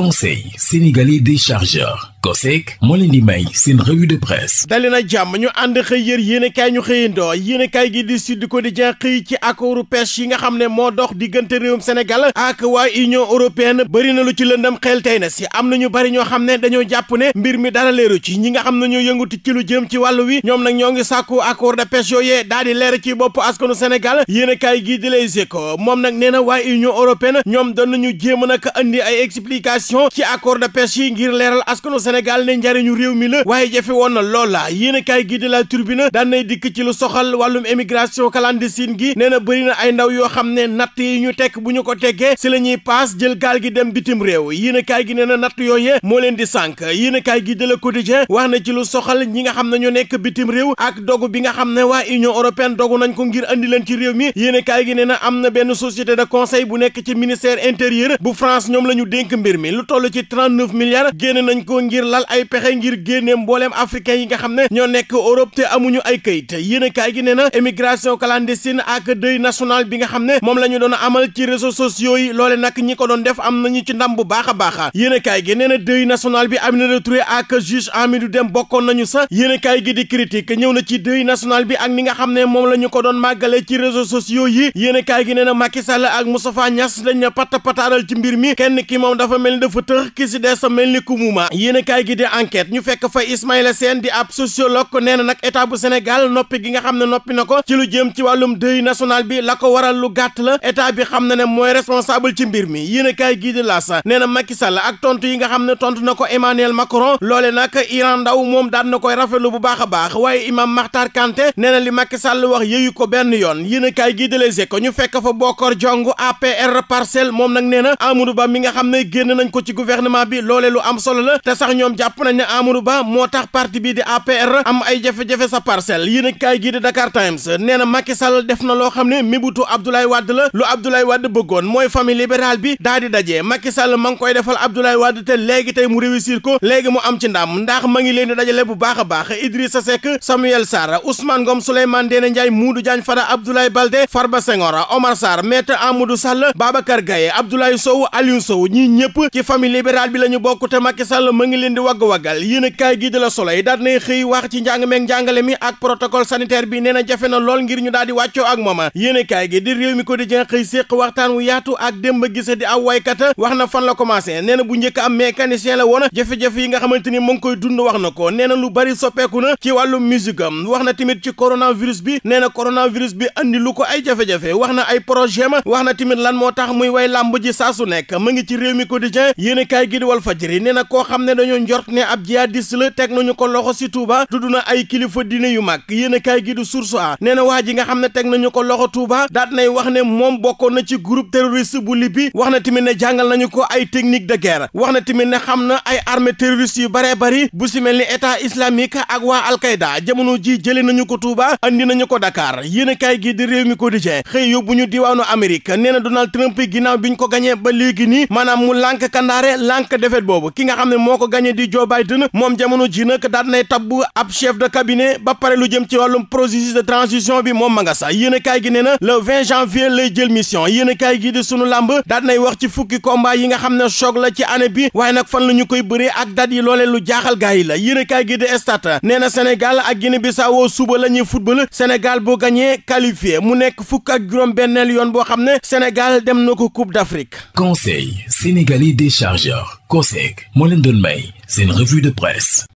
conseil sénégalais des chargeurs COSEC moo leen di may seen revue de presse dali jàmm ñu ànd xëy yër yéenekaay ñu xëyandoo yéenekaay gi di Sud Quotidien xëy ci accordu pêche yi nga xam ne moo dox diggante réewum Sénégal ak waa Union européenne bëri na lu ci lëndam xel tey na si am na ñu bëri ñoo xam ne dañoo jàpp ne mbir mi dara leeru ci ñi nga xam na ñoo yëngutu ci lu jëm ci wàllu wi ñoom nag ñoo ngi sàkku accord de pêche yooyee daal di leer ci bopp askanu Sénégal yéenekaay gi di Les Échos moom position ci accord de pêche yi ngir leeral askanu Sénégal ne njariñu réew mi la waaye jafe woon na lool la yéen a kaay gi di la turbine daan nay dikk ci lu soxal wàllum émigration clandestine gi nee na bëri na ay ndaw yoo xam ne natt yi ñu tekk bu ñu ko teggee si la ñuy paas jël gaal gi dem bitim réew yéen gi nee na natt yooyee moo leen di sànk yéen gi di la quotidien wax na ci lu soxal ñi nga xam ne ñu nekk bitim réew ak dogu bi nga xam ne waa union européenne dogu nañ ko ngir andi leen ci réew mi yéen gi nee am na benn société de conseil bu nekk ci ministère intérieur bu France ñoom la ñu dénk mbir mi lu toll ci 39 milliards génne nañ ko ngir lal ay pexe ngir génne mbooleem africain yi nga xam ne ñoo nekk Europe te amuñu ay këyit yéenekaay gi nee na émigration clandestine ak deuil national bi nga xam ne moom la ñu doon amal ci réseaux sociaux yi loole nag ñi ko doon def am nañu ci ndam bu baax a baax yéenekaay gi nee na deuil national bi Aminata Touré ak juge Hamidou Dème bokkoon nañu sa yéenekaay gi di critique ñëw na ci deuil national bi ak ni nga xam ne moom la ñu ko doon màggale ci réseaux sociaux yi yéenekaay gi nee na Macky Sall ak Moustapha ci mbir mi kenn ki moom dafa mel dafa tëx ki si des mel ni ku muuma yéen kaay gi di enquête ñu fekk fa Ismaïla Sène di ab sociologue nee na nag état bu noppi gi nga xam ne noppi na ko ci lu jëm ci wàllum deuil national bi la ko waral lu gàtt la état bi xam na ne mooy responsable ci mbir mi yéen kaay gi la sa nee na Macky Sall ak tontu yi nga xam ne tontu na ko Emmanuel Macron loole nag Iran Ndaw moom daan na koy rafetlu bu baax a baax waaye Imam Makhtar Kanté nee na li Macky Sall wax yëyu ko benn yoon yéen kaay gi di Les Échos ñu fekk fa Bokor Jongu APR Parcelles moom nag nee na Amadou Ba mi nga xam ne génn nañ ko ko ci gouvernement bi loolee lu am solo la te sax ñoom jàpp nañ ne Ba moo tax parti bii di APR am ay jafe-jafe sa parcelle yéen a kaay gii di Dakar Times nee na Macky Sall def na loo xam ne mibutu Abdoulaye Wade la lu Abdoulaye Wade bëggoon mooy famille libérale bi daa di daje Macky Sall ma ngi koy defal Abdoulaye Wade te léegi tey mu réussir ko léegi mu am ci ndam ndax ma ngi leen di dajale bu baax a baax Idrissa Seck Samuel Sarr Ousmane Ngom Souleymane Ndéné Ndiaye Modou Diagne Fada Abdoulaye Baldé Farba Senghor Omar Sarr Maître Amadou Sall ci famille libérale bi la ñu bokk te Macky Sall ma leen di wagg-waggal yéen a kaay gi de la Soleil daal nay xëy wax ci njàng meeg njàngale mi ak protocole sanitaire bi nee na jafe na lool ngir ñu daal di wàccoo ak mooma yéen a kaay gi di réew mi quotidien xëy séq waxtaan wu yaatu ak démb gise di aw waykata wax na fan la commencé nee na bu njëkk am mécanicien la woon jafe-jafe yi nga xamante ni mu ngi koy dund wax na ko nee na lu bari soppeeku na ci wàllu musique am wax na tamit ci coronavirus bi nee na coronavirus bi andi ko ay jafe wax na ay projet ma wax na tamit lan moo tax muy way làmb ji saa nekk ma yéen a kaay gi di Walf koo xam ne dañoo njort ne ab jihadiste la teg nañu ko loxo si Touba tudd na ay kilifa diine yu mag yéen a kaay gi di Source A nee na waa ji nga xam ne teg nañu ko loxo Touba daat nay wax ne moom bokkoon na ci groupe terroriste bu Libye wax na tamit ne jàngal nañu ko ay technique de guerre wax na tamit ne xam na ay armée terroriste yu baree bari bu si mel ni état islamique ak waa Al-Qaïda jamono ji jëlee nañu ko Touba andi nañu ko Dakar yéen kaay gi di réew mi quotidien xëy yóbbu ñu diwaanu Amérique nee na Donald Trump ginnaaw bi ñu ko gañee ba léegi Kandaare lànk defet boobu ki nga xam ne moo ko gagné di Joe Biden moom jamono ji nag daal nay tabbu ab chef de cabinet ba pare lu jëm ci wàllum processus de transition bi moom ma nga sax yéen gi nee na le 20 janvier lay jël mission yéen a kaay gi di sunu làmb daal nay wax ci fukki combat yi nga xam ne choc la ci année bi waaye nag fan la ñu koy bëree ak date yi loolee lu jaaxal gars yi la yéen a kaay gi di Stades nee na Sénégal ak Guinée Bissau suba la ñuy football Sénégal bu gagné qualifié mu nekk fukk ak juróom-benneel yoon boo xam ne Sénégal dem na ko Coupe d'Afrique Conseil sénégalais téléchargeur COSEC moo leen doon may seen revue de presse